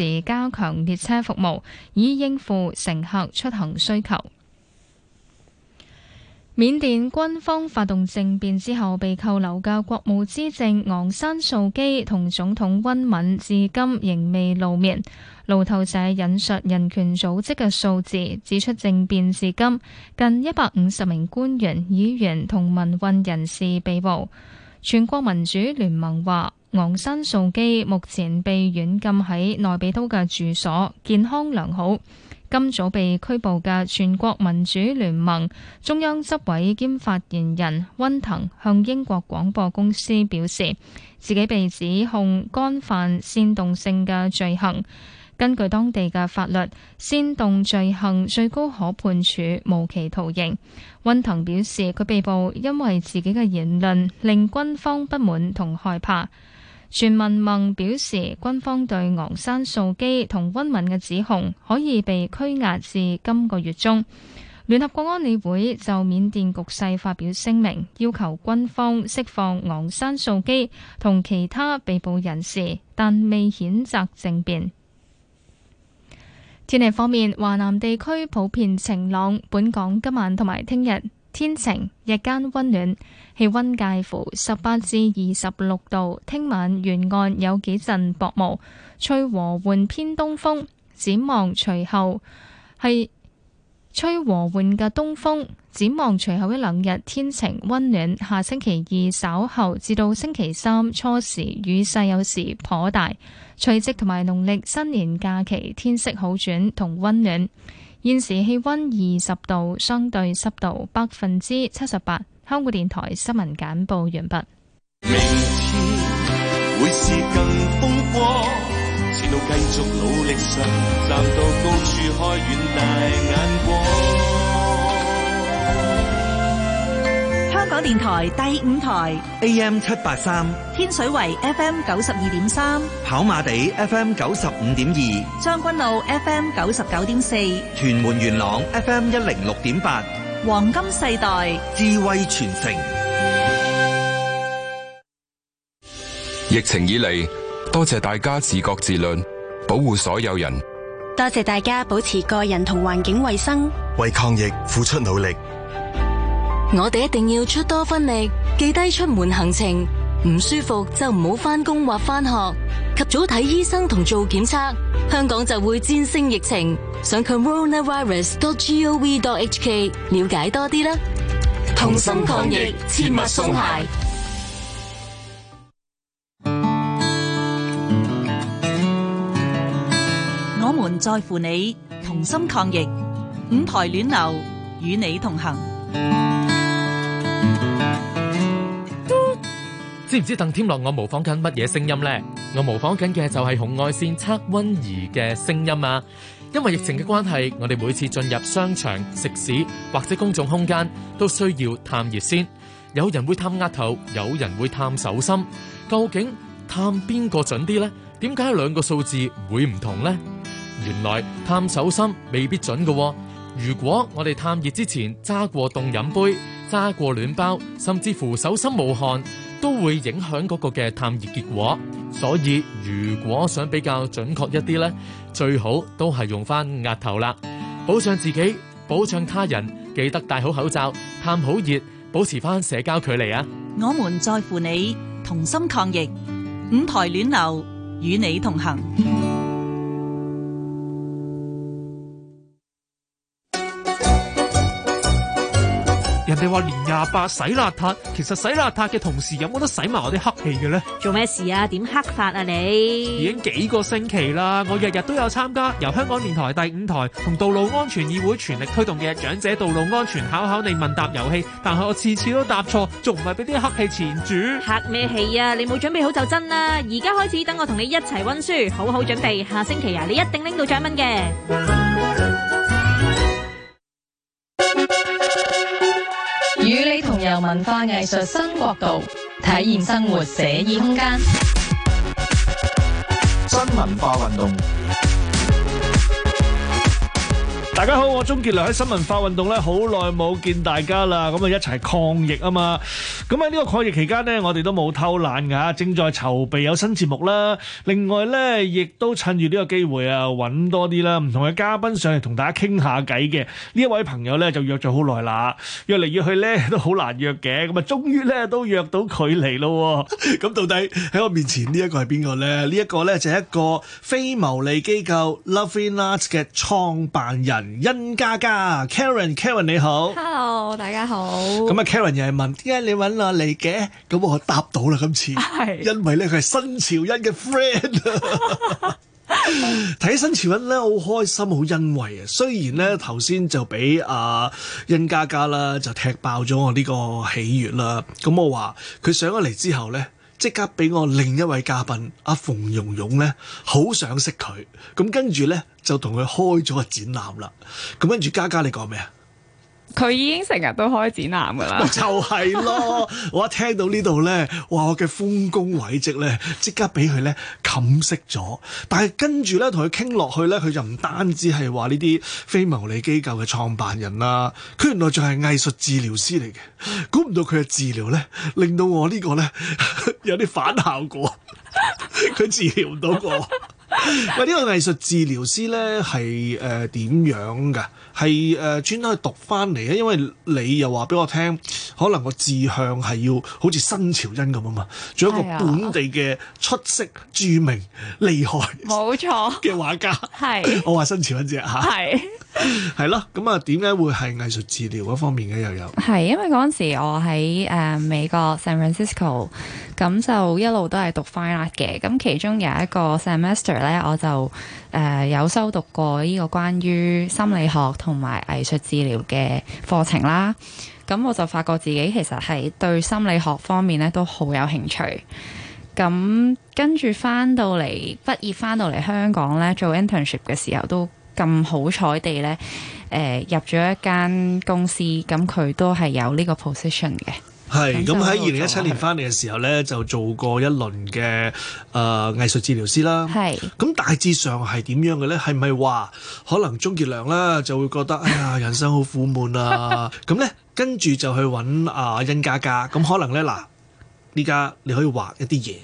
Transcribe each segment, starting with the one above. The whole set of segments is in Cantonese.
時加強列車服務，以應付乘客出行需求。緬甸軍方發動政變之後，被扣留嘅國務資政昂山素基同總統温敏至今仍未露面。路透社引述人權組織嘅數字，指出政變至今近一百五十名官員、議員同民運人士被捕。全國民主聯盟話：昂山素基目前被軟禁喺內比都嘅住所，健康良好。今早被拘捕嘅全國民主聯盟中央執委兼發言人温騰向英國廣播公司表示，自己被指控干犯煽動性嘅罪行。根據當地嘅法律，煽動罪行最高可判處無期徒刑。温騰表示，佢被捕因為自己嘅言論令軍方不滿同害怕。全民盟表示，軍方對昂山素姬同温文嘅指控可以被拘押至今個月中。聯合國安理會就緬甸局勢發表聲明，要求軍方釋放昂山素姬同其他被捕人士，但未譴責政變。天氣方面，華南地區普遍晴朗，本港今晚同埋聽日。天晴，日間溫暖，氣溫介乎十八至二十六度。聽晚沿岸有幾陣薄霧，吹和緩偏東風。展望隨後係吹和緩嘅東風。展望隨後一兩日天晴温暖。下星期二稍後至到星期三初時雨勢有時頗大。除夕同埋農曆新年假期天色好轉同温暖。現時氣溫二十度，相對濕度百分之七十八。香港電台新聞簡報完畢。香港電台第五台 AM 七八三，天水圍 FM 九十二點三，跑馬地 FM 九十五點二，將軍澳 FM 九十九點四，屯門元朗 FM 一零六點八，黃金世代智慧傳承。疫情以嚟，多謝大家自覺自律，保護所有人。多謝大家保持個人同環境衛生，為抗疫付出努力。我哋一定要出多分力，記低出門行程，唔舒服就唔好返工或返學，及早睇醫生同做檢測，香港就會戰勝疫情。上 coronavirus.gov.hk 了解多啲啦！同心抗疫，切勿鬆懈。我們在乎你，同心抗疫，舞台暖流與你同行。知唔知鄧天樂，我模仿緊乜嘢聲音呢？我模仿緊嘅就係紅外線測温儀嘅聲音啊！因為疫情嘅關係，我哋每次進入商場、食肆或者公眾空間，都需要探熱先。有人會探額頭，有人會探手心，究竟探邊個準啲呢？點解兩個數字會唔同呢？原來探手心未必準嘅。如果我哋探熱之前揸過凍飲杯、揸過暖包，甚至乎手心冇汗。都會影響嗰個嘅探熱結果，所以如果想比較準確一啲咧，最好都係用翻額頭啦，保障自己，保障他人，記得戴好口罩，探好熱，保持翻社交距離啊！我們在乎你，同心抗疫，五台暖流，與你同行。你話年廿八洗邋遢，其實洗邋遢嘅同時有冇得洗埋我啲黑氣嘅呢？做咩事啊？點黑法啊你？已經幾個星期啦，我日日都有參加由香港電台第五台同道路安全議會全力推動嘅長者道路安全考考你問答遊戲，但係我次次都答錯，仲唔係俾啲黑氣纏住？黑咩氣啊？你冇準備好就真啦！而家開始，等我同你一齊溫書，好好準備。下星期啊，你一定拎到獎品嘅。文化藝術新角度，體驗生活寫意空間。新文化運動。大家好，我鍾傑良喺新聞化運動咧，好耐冇見大家啦，咁啊一齊抗疫啊嘛！咁喺呢個抗疫期間咧，我哋都冇偷懶噶，正在籌備有新節目啦。另外咧，亦都趁住呢個機會啊，揾多啲啦，唔同嘅嘉賓上嚟同大家傾下偈嘅。呢一位朋友咧就約咗好耐啦，約嚟約去咧都好難約嘅，咁啊終於咧都約到佢嚟咯。咁到底喺我面前呢一個係邊個咧？呢一個咧就係一個非牟利機構 LovinArts 嘅創辦人。甄嘉嘉 Karen，Karen，你好，Hello，大家好。咁啊，Karen 又係問，點解你揾我嚟嘅？咁我答到啦，今次，是因為咧佢係新朝恩嘅 friend。睇 新朝恩咧，好開心，好欣慰啊！雖然咧頭先就俾阿甄嘉嘉啦就踢爆咗我呢個喜悅啦。咁我話佢上咗嚟之後咧。即刻畀我另一位嘉賓阿馮蓉蓉咧，好想識佢，咁跟住咧就同佢開咗個展覽啦。咁跟住嘉嘉，家家你講咩啊？佢已經成日都開展覽噶啦，就係咯，我一聽到呢度咧，哇！我嘅豐功偉績咧，即刻俾佢咧冚熄咗。但係跟住咧同佢傾落去咧，佢就唔單止係話呢啲非牟利機構嘅創辦人啦，佢原來仲係藝術治療師嚟嘅。估唔到佢嘅治療咧，令到我呢個咧 有啲反效果。佢治療唔到我。 喂，這個、藝術呢個藝術治療師咧係誒點樣嘅？係誒專登去讀翻嚟啊？因為你又話俾我聽，可能個志向係要好似新潮恩咁啊嘛，做一個本地嘅出色、著名、厲害冇錯嘅畫家。係錯 我話新潮恩啫吓。係。 係咯，咁啊， 點解會係藝術治療嗰方面嘅又有？係因為嗰陣時我喺誒、呃、美國 San Francisco，咁就一路都係讀 fine art 嘅，咁其中有一個 semester 咧，我就誒、呃、有修讀過呢個關於心理學同埋藝術治療嘅課程啦。咁我就發覺自己其實係對心理學方面咧都好有興趣。咁跟住翻到嚟畢業，翻到嚟香港咧做 internship 嘅時候都。咁好彩地咧，誒入咗一間公司，咁佢都係有呢個 position 嘅。係咁，喺二零一七年翻嚟嘅時候咧，就做過一輪嘅誒藝術治療師啦。係咁大致上係點樣嘅咧？係咪話可能鍾傑良咧就會覺得哎呀，人生好苦悶啊？咁咧跟住就去揾阿甄嘉嘉。咁可能咧，嗱，依家你可以畫一啲嘢。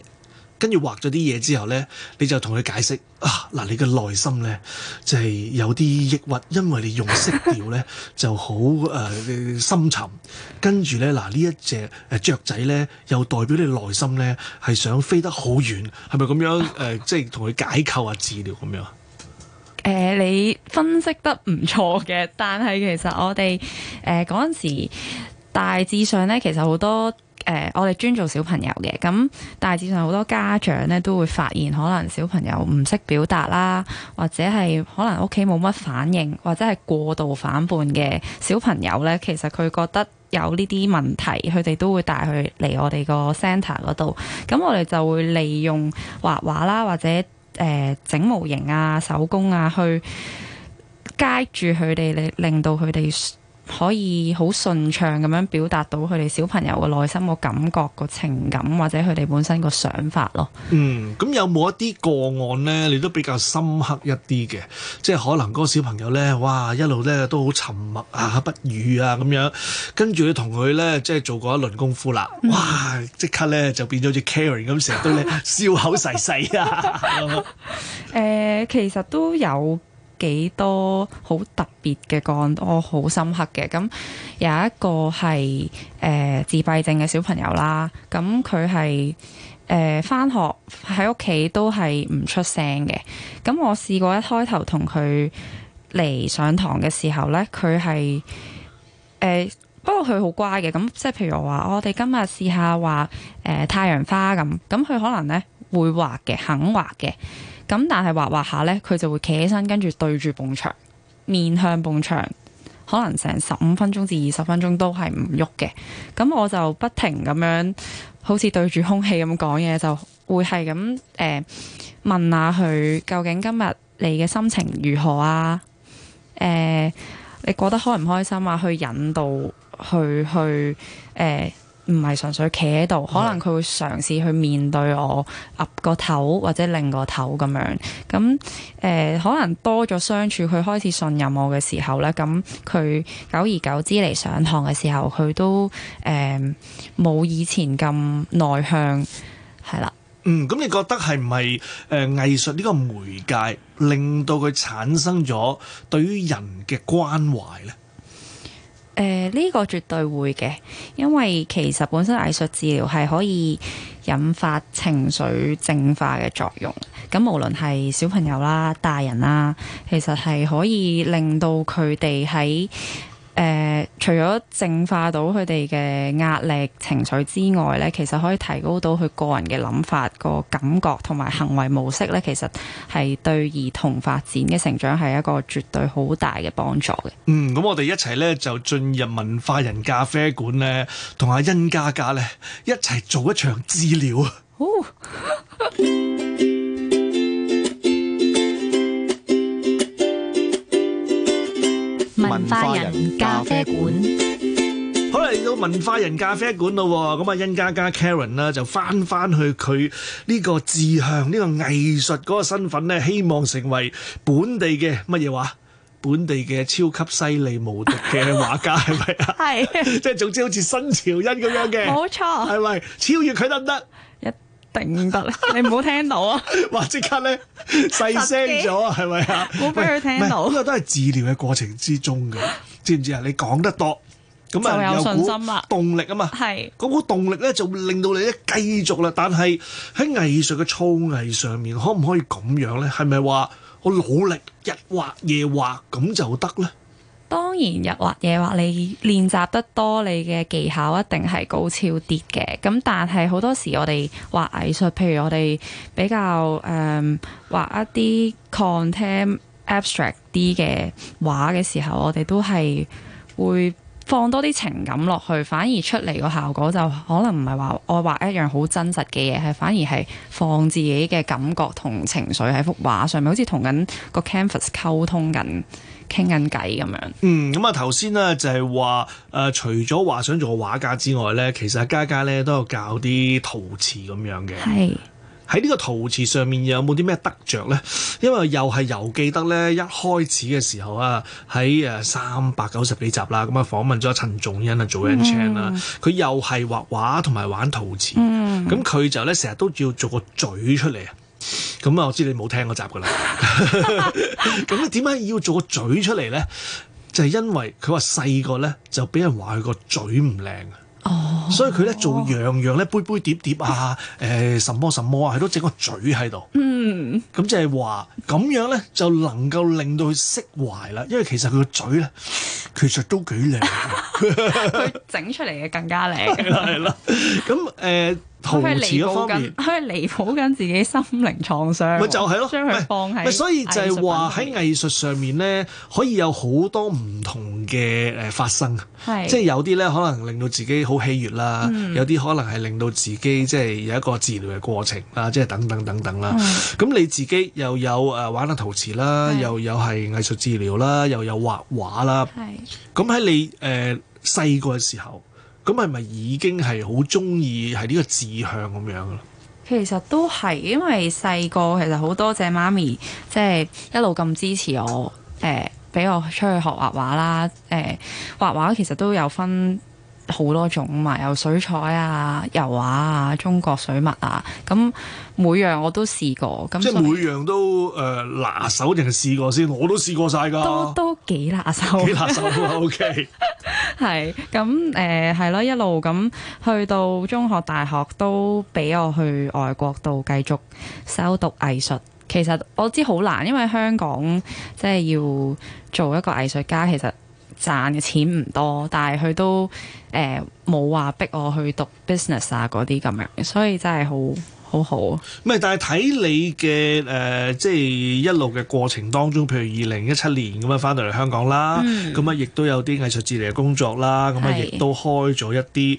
跟住畫咗啲嘢之後咧，你就同佢解釋啊！嗱，你嘅內心咧就係、是、有啲抑鬱，因為你用色調咧 就好誒、呃、深沉。跟住咧，嗱呢一隻誒雀、呃、仔咧，又代表你內心咧係想飛得好遠，係咪咁樣誒？即係同佢解構啊、治療咁樣？誒、呃，你分析得唔錯嘅，但係其實我哋誒嗰陣時大致上咧，其實好多。誒、呃，我哋專做小朋友嘅，咁大致上好多家長咧都會發現，可能小朋友唔識表達啦，或者係可能屋企冇乜反應，或者係過度反叛嘅小朋友咧，其實佢覺得有呢啲問題，佢哋都會帶佢嚟我哋個 centre 嗰度。咁我哋就會利用畫畫啦，或者誒、呃、整模型啊、手工啊，去 guide 住佢哋，令到佢哋。可以好順暢咁樣表達到佢哋小朋友嘅內心個感覺、個情感或者佢哋本身個想法咯。嗯，咁有冇一啲個案呢？你都比較深刻一啲嘅，即係可能嗰個小朋友呢，哇一路呢都好沉默啊、不語啊咁樣，跟住你同佢呢，即係做過一輪功夫啦，嗯、哇即刻呢就變咗好似 Karen 咁成日都咧， 笑口噬噬啊。誒、 呃，其實都有。幾多好特別嘅個案，我好深刻嘅。咁有一個係誒、呃、自閉症嘅小朋友啦，咁佢係誒返學喺屋企都係唔出聲嘅。咁我試過一開頭同佢嚟上堂嘅時候咧，佢係誒不過佢好乖嘅。咁即係譬如我話，我哋今日試下話誒太陽花咁，咁佢可能咧會畫嘅，肯畫嘅。咁但係畫畫下咧，佢就會企起身，跟住對住埲牆，面向埲牆，可能成十五分鐘至二十分鐘都係唔喐嘅。咁我就不停咁樣，好似對住空氣咁講嘢，就會係咁誒問下佢究竟今日你嘅心情如何啊？誒、呃，你過得開唔開心啊？去引導，去去誒。呃唔係純粹企喺度，可能佢會嘗試去面對我，岌個頭或者擰個頭咁樣。咁、嗯、誒，可能多咗相處，佢開始信任我嘅時候呢，咁佢久而久之嚟上堂嘅時候，佢都誒冇、嗯、以前咁內向，係啦。嗯，咁你覺得係唔係誒藝術呢個媒介令到佢產生咗對於人嘅關懷呢？誒呢、呃這個絕對會嘅，因為其實本身藝術治療係可以引發情緒淨化嘅作用，咁無論係小朋友啦、大人啦，其實係可以令到佢哋喺。誒、呃，除咗淨化到佢哋嘅壓力情緒之外咧，其實可以提高到佢個人嘅諗法、個感覺同埋行為模式咧，其實係對兒童發展嘅成長係一個絕對好大嘅幫助嘅。嗯，咁我哋一齊咧就進入文化人咖啡館咧，同阿甄嘉嘉咧一齊做一場治療。啊！ 文化人咖啡館，好啦，到文化人咖啡館咯，咁啊，甄嘉嘉 Karen 啦，就翻翻去佢呢個志向，呢個藝術嗰個身份咧，希望成為本地嘅乜嘢話？本地嘅超級犀利無敵嘅畫家係咪啊？係， 即係 總之好似新潮恩咁樣嘅，冇錯，係咪超越佢得唔得？行得啦， 你唔好聽到啊！話即 刻咧細聲咗，啊在，係咪啊？唔好俾佢聽到。呢個都係治療嘅過程之中嘅， 知唔知啊？你講得多，咁啊 有信心，股動力啊嘛，係嗰股動力咧就會令到你咧繼續啦。但係喺藝術嘅操藝上面，可唔可以咁樣咧？係咪話我努力日畫夜畫咁就得咧？當然，日畫夜畫，你練習得多，你嘅技巧一定係高超啲嘅。咁但係好多時，我哋畫藝術，譬如我哋比較誒、嗯、畫一啲 contemporary abstract 啲嘅畫嘅時候，我哋都係會放多啲情感落去，反而出嚟個效果就可能唔係話我畫一樣好真實嘅嘢，係反而係放自己嘅感覺同情緒喺幅畫上面，好似同緊個 canvas 溝通緊。傾緊偈咁樣。嗯，咁啊，頭先咧就係話，誒，除咗話想做個畫家之外咧，其實阿嘉嘉咧都有教啲陶瓷咁樣嘅。係是。喺呢個陶瓷上面有冇啲咩得着咧？因為又係由記得咧，一開始嘅時候啊，喺誒三百九十幾集啦，咁啊訪問咗陳仲恩啊做 Joanne Chan 啊佢又係畫畫同埋玩陶瓷，咁佢、mm. 就咧成日都要做個嘴出嚟啊。咁啊、嗯，我知你冇聽嗰集噶啦。咁咧，點解要做個嘴出嚟咧？就係、是、因為佢話細個咧就俾人話佢個嘴唔靚啊。哦，所以佢咧做樣樣咧杯杯碟碟，碟啊，誒、呃，什麼什麼啊，佢都整個嘴喺度。嗯，咁即係話咁樣咧就能夠令到佢釋懷啦。因為其實佢個嘴咧，其實都幾靚，佢 整 出嚟嘅更加靚。係 啦。 咁誒。陶瓷嗰方面，佢係彌補緊自己心靈創傷。咪就係咯，將佢放喺。咪所以就係話喺藝術上面咧，可以有好多唔同嘅誒發生。係是，即係有啲咧可能令到自己好喜悅啦，嗯、有啲可能係令到自己即係有一個治療嘅過程啦，即係等等等等啦。咁是你自己又有誒玩下陶瓷啦，是又有係藝術治療啦，又有畫畫啦。係是。咁喺你誒細個嘅時候。咁係咪已經係好鍾意係呢個志向咁樣咯？其實都係，因為細個其實好多謝媽咪，即係一路咁支持我，誒，俾我出去學畫畫啦。誒，畫畫其實都有分。好多種，嘛，有水彩啊、油畫啊、中國水墨啊，咁每樣我都試過。咁即係每樣都誒、呃、拿手定係試過先，我都試過晒㗎。都都幾拿手，幾拿手啦。O K，係咁誒，係咯、呃，一路咁去到中學、大學都俾我去外國度繼續修讀藝術。其實我知好難，因為香港即係要做一個藝術家，其實。賺嘅錢唔多，但係佢都誒冇話逼我去讀 business 啊嗰啲咁樣，所以真係好。都好，唔係，但係睇你嘅誒，即係一路嘅過程當中，譬如二零一七年咁樣，翻到嚟香港啦，咁啊、嗯，亦都有啲藝術治療嘅工作啦，咁啊是，亦都開咗一啲誒，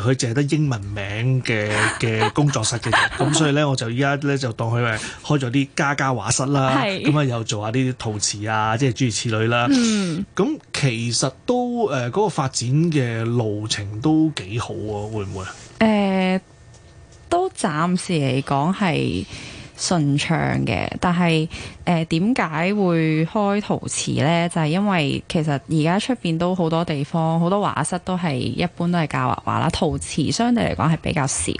佢淨係得英文名嘅嘅工作室嘅，咁 所以咧，我就而家咧就當佢係開咗啲家家畫室啦，咁啊是，又做下啲陶瓷啊，即係諸如此類啦、啊。咁、嗯、其實都誒，嗰、呃那個發展嘅路程都幾好喎、啊，會唔會啊？誒、呃。都暫時嚟講係順暢嘅，但係誒點解會開陶瓷呢？就係、是、因為其實而家出邊都好多地方，好多畫室都係一般都係教畫畫啦，陶瓷相對嚟講係比較少。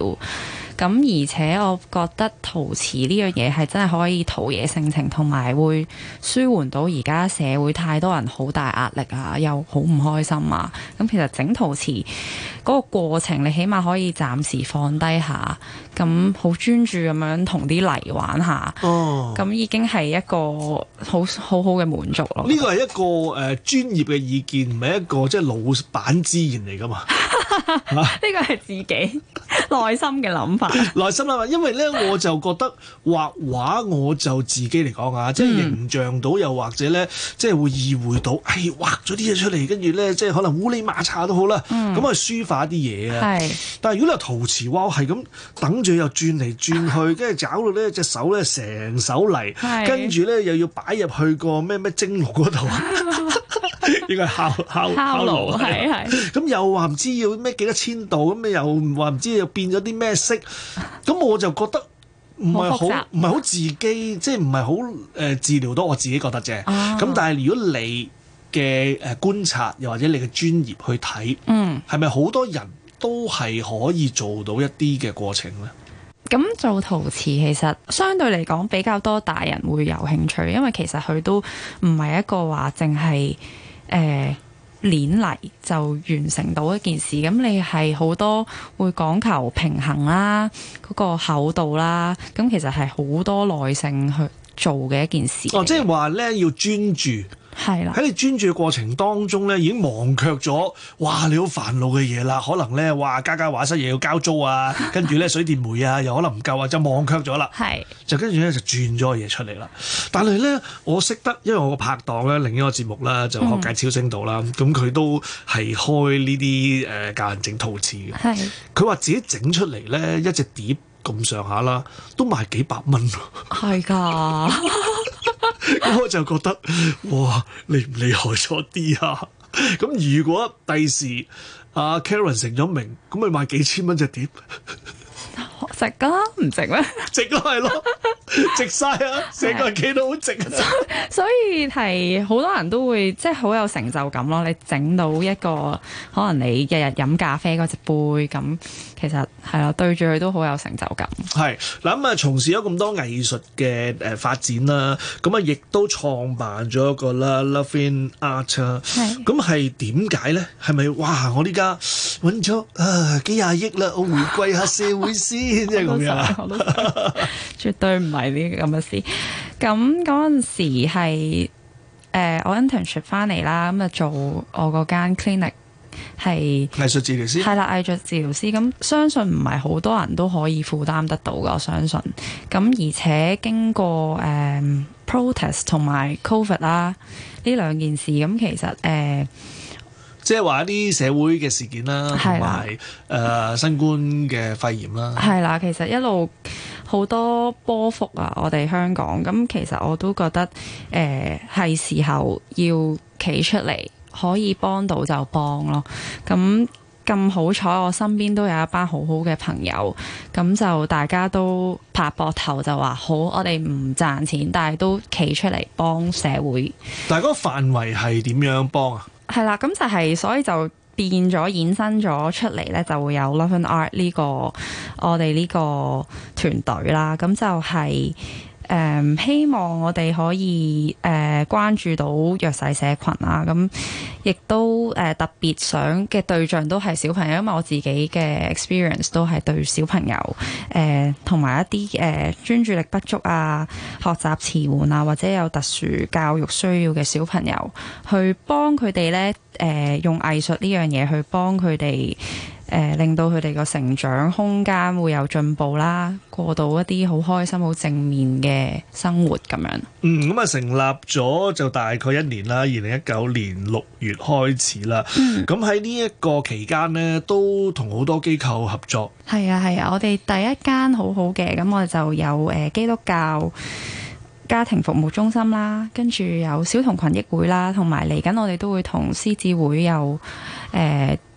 咁而且我覺得陶瓷呢樣嘢係真係可以陶冶性情，同埋會舒緩到而家社會太多人好大壓力啊，又好唔開心啊。咁其實整陶瓷嗰個過程，你起碼可以暫時放低下，下，咁好專注咁樣同啲泥玩下。哦，咁已經係一個好好好嘅滿足咯。呢個係一個誒、呃、專業嘅意見，唔係一個即係老闆之言嚟㗎嘛。呢個係自己內心嘅諗法。 耐 心啦，因為咧我就覺得畫畫，我就自己嚟講啊，即係形象到，又或者咧，即係會意會到，哎，畫咗啲嘢出嚟，跟住咧，即係可能烏哩麻叉都好啦。咁啊，抒發啲嘢啊，但係如果你話陶瓷，哇，係咁等住又轉嚟轉去，跟住搞到咧隻手咧成手泥，跟住咧又要擺入去個咩咩蒸爐嗰度。 呢個烤烤烤爐係係，咁勞又話唔知要咩幾多千度，咁又話唔知又變咗啲咩色，咁 我就覺得唔係好唔係好自己，即係唔係好誒治療到我自己覺得啫。咁、啊、但係如果你嘅誒觀察，又或者你嘅專業去睇，嗯，係咪好多人都係可以做到一啲嘅過程咧？咁、嗯、做陶瓷其實相對嚟講比較多大人會有興趣，因為其實佢都唔係一個話淨係。誒攣嚟就完成到一件事，咁你係好多會講求平衡啦、啊，嗰、那個厚度啦、啊，咁其實係好多耐性去做嘅一件事。哦，即係話呢要專注。係啦，喺你專注嘅過程當中咧，已經忘卻咗哇，你好煩惱嘅嘢啦，可能咧哇，家家畫室嘢要交租啊，跟住咧水電煤啊，又可能唔夠啊，就忘卻咗啦。係， 就跟住咧就轉咗個嘢出嚟啦。但係咧，我識得，因為我個拍檔咧另一個節目啦，就學界超聲導啦，咁佢、嗯、都係開呢啲誒教人整陶瓷嘅。係，佢話自己整出嚟咧，一隻碟咁上下啦，都賣幾百蚊係噶。 我就覺得哇，厲唔厲害咗啲啊！咁 如果第時阿 Karen 成咗名，咁咪賣幾千蚊就點？ 值噶，唔值咩？值咯係咯，值晒啊！成個人企都好值，啊， 所以係好多人都會即係好有成就感咯。你整到一個可能你日日飲咖啡嗰隻杯咁。其實係啦，對住佢都好有成就感。係嗱，咁啊從事咗咁多藝術嘅，誒發展啦，咁啊亦都創辦咗一個啦 LovinArts。係是。咁係點解咧？係咪哇？我呢家揾咗啊幾廿億啦，我回歸下社會先啊咁樣。 絕對唔係呢咁嘅事。咁嗰陣時係誒、呃，我 internship 翻嚟啦，咁啊做我嗰間 clinic。係藝術治療師係啦，藝術治療師，咁相信唔係好多人都可以負擔得到噶。我相信咁，而且經過誒、um, protest 同埋 covid 啦、啊、呢兩件事咁，其實誒、uh, 即係話一啲社會嘅事件啦，同埋誒新冠嘅肺炎啦，係啦。其實一路好多波幅啊，我哋香港咁，其實我都覺得誒係、uh, 時候要企出嚟。可以幫到就幫咯，咁咁好彩，我身邊都有一班好好嘅朋友，咁就大家都拍膊頭就話好，我哋唔賺錢，但係都企出嚟幫社會。但係嗰個範圍係點樣幫啊？係啦，咁就係、是、所以就變咗衍生咗出嚟呢，就會有 LovinArts 呢、這個我哋呢個團隊啦，咁就係、是。誒，um, 希望我哋可以誒、呃、關注到弱勢社群啊，咁、嗯、亦都誒、呃、特別想嘅對象都係小朋友，因為我自己嘅 experience 都係對小朋友誒同埋一啲誒專注力不足啊、學習遲緩啊或者有特殊教育需要嘅小朋友，去幫佢哋呢，誒、呃、用藝術呢樣嘢去幫佢哋。令到佢哋個成長空間會有進步，過到一啲好開心好正面嘅生活。咁成立咗就大概一年2019年6月開始，喺呢一個期間呢都同好多機構合作。係！啊係！啊係！啊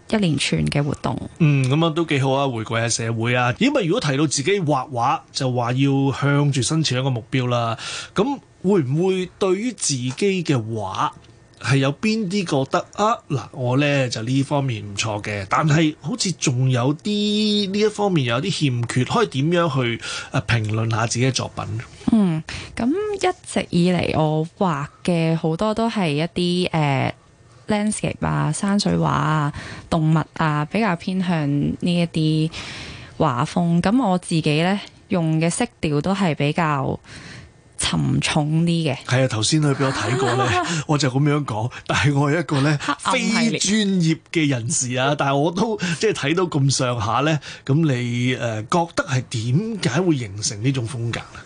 一連串嘅活動，嗯，咁樣都幾好啊，回饋下社會啊。因為如果提到自己畫畫，就話要向住新設一個目標啦。咁會唔會對於自己嘅畫係有邊啲覺得啊？嗱，我呢就呢方面唔錯嘅，但係好似仲有啲呢一方面有啲欠缺，可以點樣去誒評論下自己嘅作品？嗯，咁一直以嚟我畫嘅好多都係一啲誒。呃 landscape 啊、Lands cape，山水畫啊、動物啊，比較偏向呢一啲畫風。咁我自己咧用嘅色調都係比較沉重啲嘅。係啊，頭先佢俾我睇過咧， 我就咁樣講。但係我係一個咧 非專業嘅人士啊，但係我都即係睇到咁上下咧。咁你誒覺得係點解會形成呢種風格咧？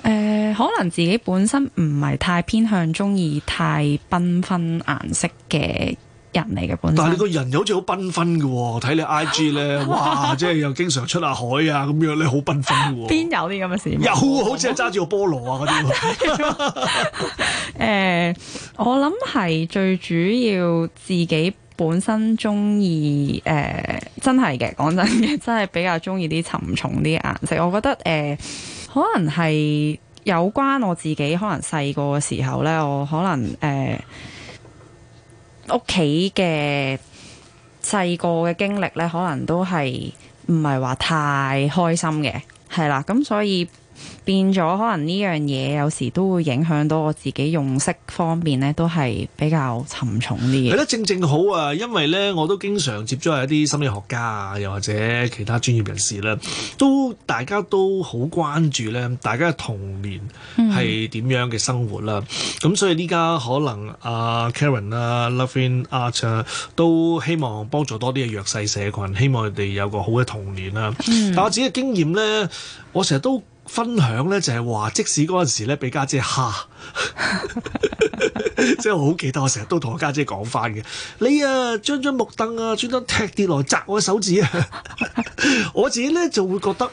誒、呃，可能自己本身唔係太偏向中意太繽紛顏色嘅人嚟嘅本身，但係你個人又好似好繽紛嘅喎，睇你 I G 咧， 哇，即係又經常出下海啊咁樣咧，好繽紛嘅喎。邊有啲咁嘅事？有，好似係揸住個菠蘿啊嗰啲。誒，我諗係最主要自己本身中意誒，真係嘅，講真嘅，真係比較中意啲沉重啲顏色。我覺得誒。呃可能係有關我自己，可能細個嘅時候呢，我可能誒屋企嘅細個嘅經歷呢，可能都係唔係話太開心嘅，係啦，咁所以。變咗，可能呢樣嘢，有時都會影響到我自己用色方面咧，都係比較沉重啲嘅。係咯，正正好啊，因為咧，我都經常接觸係一啲心理學家啊，又或者其他專業人士啦，都大家都好關注咧，大家嘅童年係點樣嘅生活啦。咁、嗯、所以呢，家可能阿、啊、Karen 啊 LovinArts、啊、都希望幫助多啲嘅弱勢社群，希望佢哋有個好嘅童年啦。嗯、但我自己嘅經驗咧，我成日都。分享咧就係話，即使嗰陣時咧，俾家姐蝦，即係我好記得，我成日都同我家姐講翻嘅，你啊將張木凳啊專登踢跌落砸我手指啊， 我自己咧就會覺得。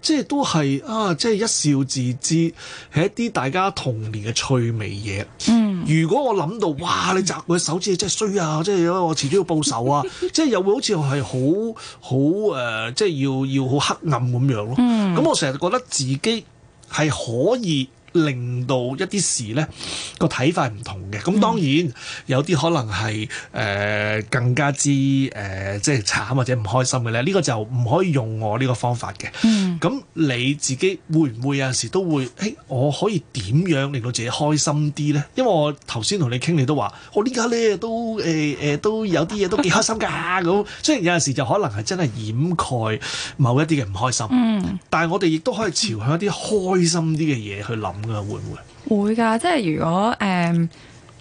即係都係啊！即係一笑自知，係一啲大家童年嘅趣味嘢。嗯，如果我諗到，哇！你摘佢手指，即係衰啊！即係我遲早要報仇啊！ 即係又會好似係好好誒，即係要要好黑暗咁樣咯。咁、嗯、我成日覺得自己係可以。令到一啲事呢個睇法唔同嘅，咁當然有啲可能係誒、呃、更加之誒、呃、即係慘或者唔開心嘅咧。呢、這個就唔可以用我呢個方法嘅。咁、嗯、你自己會唔會有陣時都會？誒，我可以點樣令到自己開心啲呢？」因為我頭先同你傾，你都話我、哦、呢家咧都誒誒、呃、都有啲嘢都幾開心㗎。咁雖然有陣時就可能係真係掩蓋某一啲嘅唔開心。嗯、但係我哋亦都可以朝向一啲開心啲嘅嘢去諗。咁啊，會唔會？會噶即係如果誒，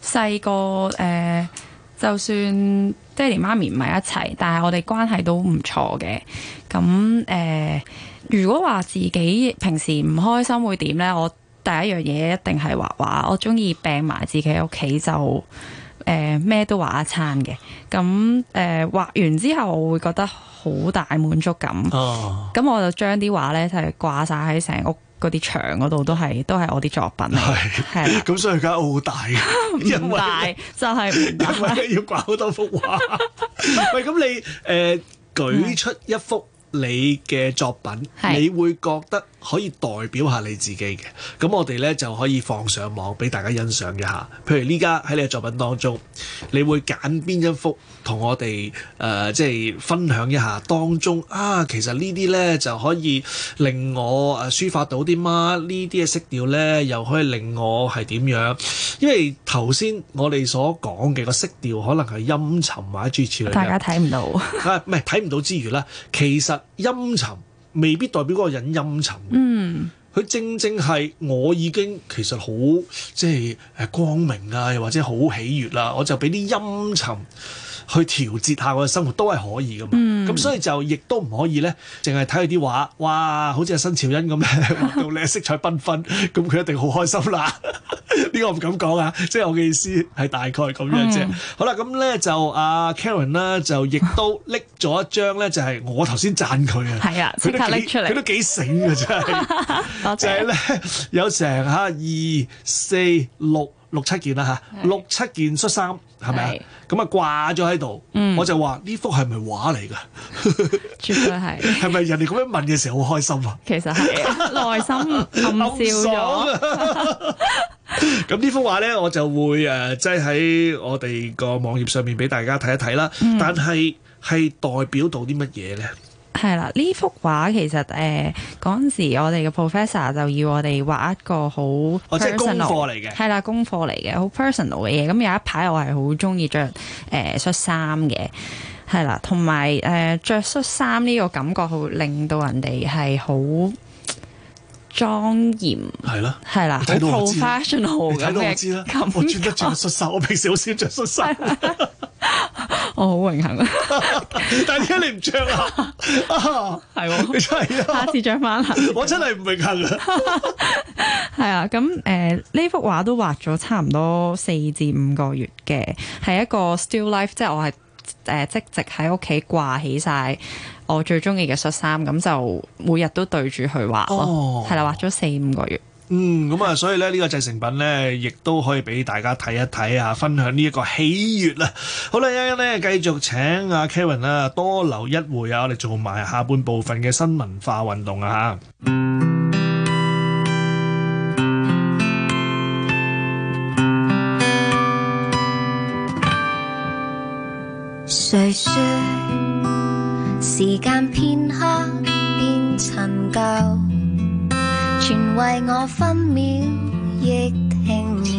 細個誒，就算爹哋媽咪唔係一齊，但係我哋關係都唔錯嘅。咁誒、呃，如果話自己平時唔開心會點咧？我第一樣嘢一定係畫畫，我中意病埋自己喺屋企就誒咩、呃、都畫一餐嘅。咁誒畫完之後我會覺得好大滿足感。哦，咁我就將啲畫咧就係掛晒喺成屋。嗰啲牆嗰度都係都係我啲作品，係係咁，所以而家澳大嘅唔大就係因為要掛好多幅畫。 喂，咁你誒、呃、舉出一幅？你嘅作品，是你會覺得可以代表下你自己嘅，咁我哋咧就可以放上網俾大家欣賞一下。譬如呢家喺你嘅作品當中，你會揀邊一幅同我哋誒、呃、即係分享一下當中啊，其實呢啲咧就可以令我誒抒發到啲嘛，呢啲嘅色調咧，又可以令我係點樣，因為頭先我哋所講嘅個色調可能係陰沉或者諸如此類，大家睇唔到，唔係睇唔到之餘咧，其實。陰沉未必代表嗰個人陰沉，佢正正係我已經其實好即係誒光明啊，又或者好喜悅啦、啊，我就俾啲陰沉。去調節下我嘅生活都係可以㗎嘛，咁、嗯、所以就亦都唔可以咧，淨係睇佢啲畫，哇，好似阿新潮恩咁咧畫到咧色彩繽紛，咁佢 一定好開心啦。呢 個我唔敢講啊，即、就、係、是、我嘅意思係大概咁樣啫。嗯、好啦，咁咧就阿、啊、Karen 啦，就亦都拎咗一張咧就係我頭先讚佢啊，係啊，即刻拎出嚟，佢都佢都幾醒嘅、啊、真係， 謝謝就係咧有成嚇二四六六七件啦嚇，六七件恤衫，衫。係咪？咁啊掛咗喺度，我就話呢幅係咪畫嚟噶？ 絕對係。係咪人哋咁樣問嘅時候好開心啊？其實係內心 暗笑咗。咁、啊、 呢幅畫咧，我就會誒，即係喺我哋個網頁上面俾大家睇一睇啦。嗯、但係係代表到啲乜嘢咧？係啦，呢幅畫其實誒嗰陣時，我哋嘅 professor 就要我哋畫一個好 personal 嘅、哦，即係功課嚟嘅。係啦，功課嚟嘅，好 personal 嘅嘢。咁有一排我係好中意着誒恤衫嘅，係、呃、啦，同埋誒着恤衫呢個感覺，好令到人哋係好。莊嚴係啦，係啦，睇到 professional 你睇到我知啦。我穿得著恤衫，我平時好少着恤衫。我好榮幸， 但係點解你唔着？啊？係 了 你真係、啊、下次着翻啦。我真係唔榮幸啊。係 啊，咁誒，呢、呃、幅畫都畫咗差唔多四至五個月嘅，係一個 still life，即係我係誒、呃，即直喺屋企掛起晒。我最中意嘅恤衫，咁就每日都對住佢畫咯，係啦、哦，畫咗四五個月。嗯，咁啊，所以咧呢個製成品咧，亦都可以俾大家睇一睇啊，分享呢一個喜悦啦。好啦，一啲咧繼續請阿 Kevin 啊，多留一會啊，我哋做埋下半部分嘅新文化運動啊吓，誰説？時間片刻變陳舊，全為我分秒亦停留。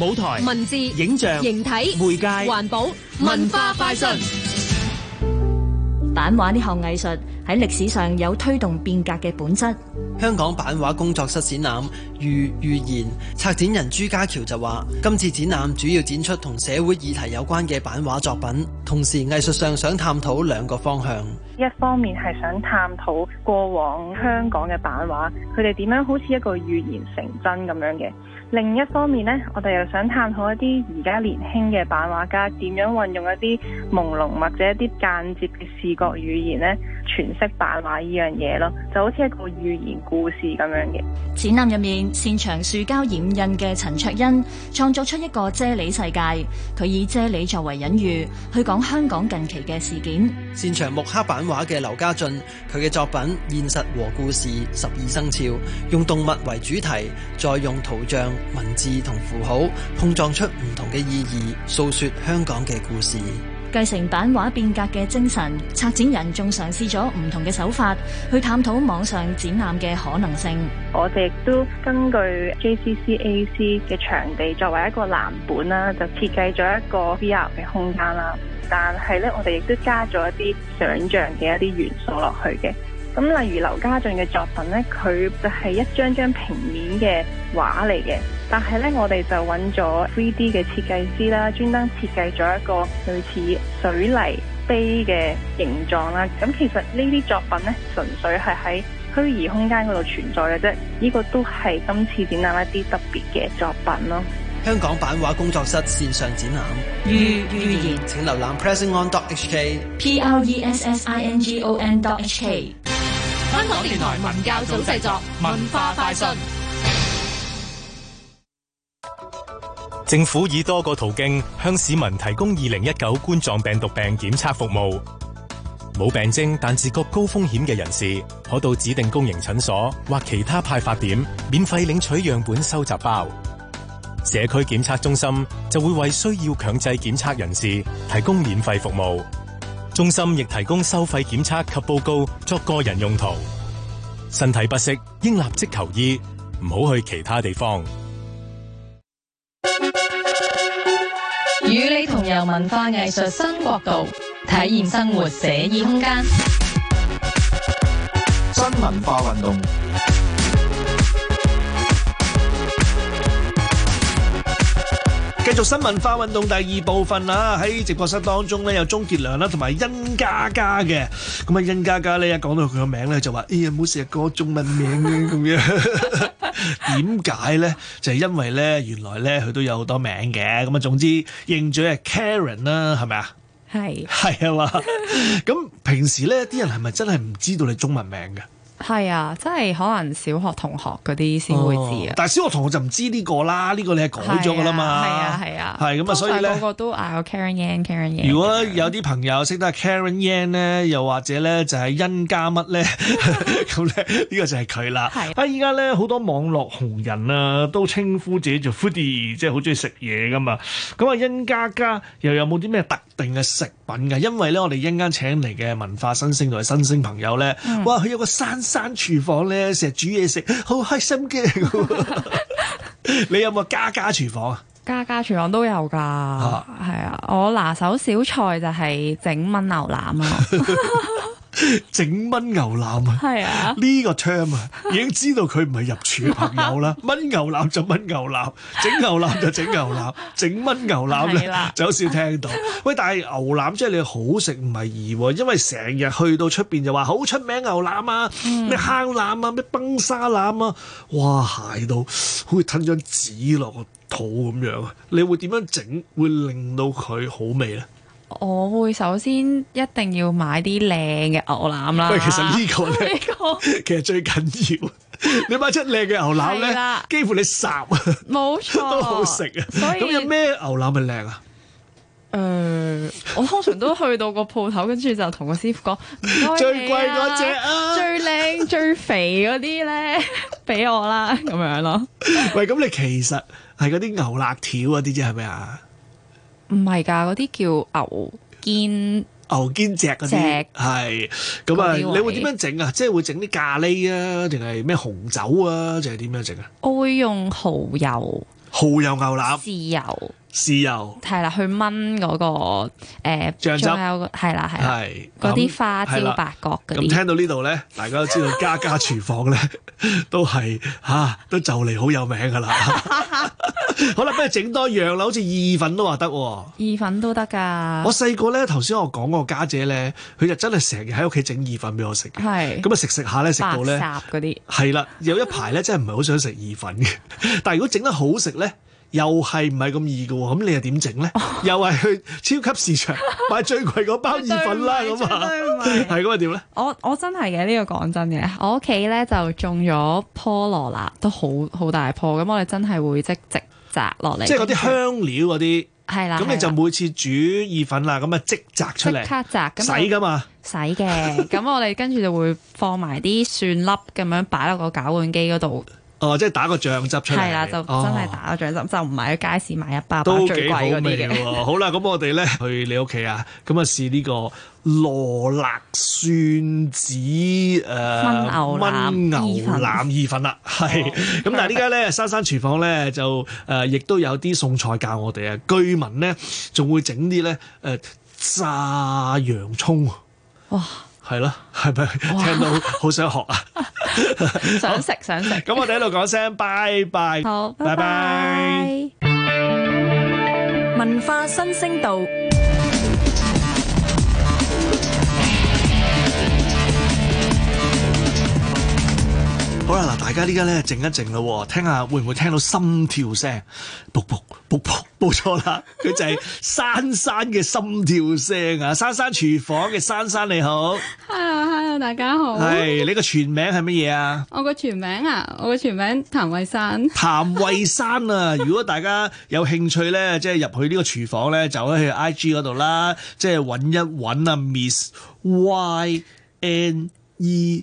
舞台、文字、影像、形體、媒介、環保、文化快訊。版畫呢項藝術喺歷史上有推動變革嘅本質。香港版畫工作室展覽《如預言》，策展人朱家橋就話：今次展覽主要展出同社會議題有關嘅版畫作品，同時藝術上想探討兩個方向。一方面係想探討過往香港嘅版畫，佢哋點樣好似一個預言成真咁樣嘅。另一方面咧，我哋又想探討一啲而家年輕嘅版畫家點樣運用一啲朦朧或者一啲間接嘅視覺語言咧。詮釋版畫呢樣嘢咯，就好似一個寓言故事咁樣嘅。展覽入面擅長樹膠染印嘅陳卓恩，創作出一個啫喱世界，佢以啫喱作為隱喻，去講香港近期嘅事件。擅長木刻版畫嘅劉家俊，佢嘅作品《現實和故事十二生肖》，用動物為主題，再用圖像、文字同符號碰撞出唔同嘅意義，訴說香港嘅故事。繼承版畫變革嘅精神，策展人仲嘗試咗唔同嘅手法，去探討網上展覽嘅可能性。我哋亦都根據 JCCAC 嘅場地作為一個藍本啦，就設計咗一個 VR 嘅空間啦。但係呢，我哋亦都加咗一啲想像嘅一啲元素落去嘅。咁例如劉家俊嘅作品咧，佢就係一張一張平面嘅畫嚟嘅，但係咧我哋就揾咗 3D 嘅設計師啦，專登設計咗一個類似水泥碑嘅形狀啦。咁其實呢啲作品咧，純粹係喺虛擬空間嗰度存在嘅啫。呢、這個都係今次展覽一啲特別嘅作品咯。香港版畫工作室線上展覽預預言，言言請瀏覽 pressingondothk，p r e s s i n g o n dot h k。香港電台文教組製作《文化快訊》。政府以多個途徑向市民提供二零一九冠狀病毒病檢測服務。冇病徵但自覺高風險嘅人士，可到指定公營診所或其他派發點免費領取樣本收集包。社區檢測中心就會為需要強制檢測人士提供免費服務。中心亦提供收費檢測及報告作個人用途。身體不適，應立即求醫，唔好去其他地方。與你同遊文化藝術新國度，體驗生活寫意空間。新文化運動。繼續新文化運動第二部分，喺直播室當中有鍾傑良同埋甄嘉嘉嘅。甄嘉嘉一講到佢個名就話，咦，唔好成日講中文名咁樣。點解呢？就係因為呢，原來呢，佢都有好多名嘅，總之，認咗係 Karen 啦，係咪？ 係係啊嘛。咁平時呢，啲人係咪真係唔知道你中文名㗎？係啊，真係可能小學同學嗰啲先會知啊、哦。但係小學同學就唔知呢個啦，呢、呢個你係改咗㗎啦嘛。係啊係啊。係咁啊，啊，啊，所以咧。但個都嗌個 Karen Yan，Karen Yan。如果有啲朋友識得 Karen Yan 咧，又或者咧就係甄嘉乜咧，咁咧呢個就係佢啦。係。啊！依家咧好多網絡紅人啊，都稱呼自己做 Foodie，即係好中意食嘢㗎嘛。咁、嗯、啊，甄嘉嘉又有冇啲咩特定嘅食品㗎？因為咧，我哋間間請嚟嘅文化新星同埋新星朋友咧，哇！佢有個山。山廚房咧，成日煮嘢食，好開心嘅。 你有冇家家廚房啊？家家廚房都有㗎，係啊。我拿手小菜就係整燜牛腩啊。 整炆牛腩啊，呢個 term 啊，已經知道佢唔係入廚嘅朋友啦。 炆牛腩就炆牛腩，整牛腩就整牛腩，整 炆牛腩咧就好少聽到。 喂，但係牛腩即係你好食唔係易喎，因為成日去到出邊就話好出名牛腩啊，咩坑腩啊，咩崩沙腩啊，哇，蟹到好似吞張紙落個肚咁樣啊！你會點樣整會令到佢好味咧？我會首先一定要買啲靚嘅牛腩啦。喂，其實呢個咧，呢個，其實最緊要，你買出靚嘅牛腩咧，幾乎你烚，冇錯，都好食啊。所以，咁有咩牛腩咪靚啊？誒，我通常都去到個鋪頭，跟住就同個師傅講，最貴嗰隻啊，最靚、最肥嗰啲咧，俾我啦，咁樣咯。喂，咁你其實係嗰啲牛肋條嗰啲啫，係咪啊？唔係㗎，嗰啲叫牛肩、牛肩脊嗰啲，係咁啊！你會點樣整啊？即係會整啲咖喱啊，定係咩紅酒啊，定係點樣整啊？我會用蠔油，蠔油牛腩，豉油，牛腩豉油。豉油係啦，去炆嗰、那個誒醬、呃、汁，仲有係啦係啦，嗰啲、嗯、花椒八角。咁聽到呢度咧，大家都知道家家廚房咧都係嚇、啊、都就嚟好有名噶啦。 好啦，不如整多樣啦，好似意粉都話得喎。意粉都得㗎。我細個咧，頭先我講個家姐咧，佢就真係成日喺屋企整意粉俾我食。係咁啊，食食下咧，食到咧，白嗰啲係啦。有一排咧，真係唔係好想食意粉嘅。但係如果整得好食咧～又係唔係咁易嘅喎？咁你又點整咧？ 又係去超級市場買最貴嗰包意粉啦，咁啊， 係咁啊，點咧 我真的的、這個、真我真係嘅呢個講真嘅，我屋企咧就種咗菠蘿蘭，都好好大棵。咁我哋真係會即即摘落嚟。即係嗰啲香料嗰啲係啦。咁對你就每次煮意粉啦，咁啊對即，即摘出嚟，即刻摘洗噶嘛？洗嘅。咁我哋跟住就會放埋啲蒜粒咁樣擺落個攪拌機嗰度。哦，即係打個醬汁出嚟，係啦的，的就真係打個醬汁，哦、就唔係喺街市買一包最貴嗰啲嘅。都幾好味喎！好啦，咁我哋咧去你屋企啊，咁啊試呢個羅勒蒜子誒炆、呃、牛腩意粉啦，係。咁但係呢家咧珊珊廚房咧就誒亦、呃、都有啲餸菜教我哋啊，居民咧仲會整啲咧誒炸洋葱。哇！係囉，係咪聽到好想學啊？想食想食。咁我哋喺度講聲拜拜，bye bye。好拜拜。Bye bye. Bye bye。文化新星道。好啦，嗱，大家呢家咧靜一靜咯，聽下會唔會聽到心跳聲？噗噗噗噗，冇錯啦，佢就係珊珊嘅心跳聲啊！珊珊廚房嘅珊珊你好。Hello Hello，大家好。係，你個全名係乜嘢啊？我個全名啊，我個全名譚慧珊。譚慧珊啊，如果大家有興趣咧，即係入去呢個廚房咧，就可以去 I G 嗰度啦，即係搵一搵啊，Miss Y N E。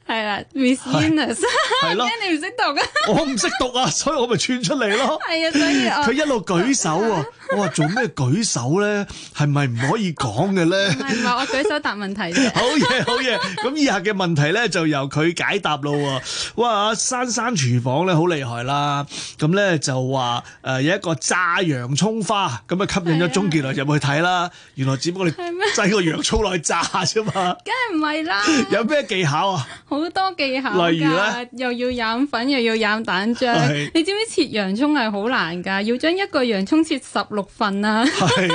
係啦，Miss Innes，驚你唔識讀啊！我唔識讀啊， 所以我咪串出嚟咯。係啊，所以佢一路舉手啊！我話 做咩舉手咧？係咪唔可以講嘅咧？唔係，我舉手答問題 好嘢，好嘢！咁 以下嘅問題咧，就由佢解答咯。哇！珊珊廚房咧好厲害啦，咁咧就話誒有一個炸洋蔥花，咁啊吸引咗鍾傑良入去睇啦。的原來只不過你係咩？擠個洋蔥落去炸啫嘛，梗係唔係啦？有咩技巧啊？好多技巧，例如咧，又要染粉，又要染蛋漿。是你知唔知切洋葱係好難噶？要將一個洋葱切十六份啊！係，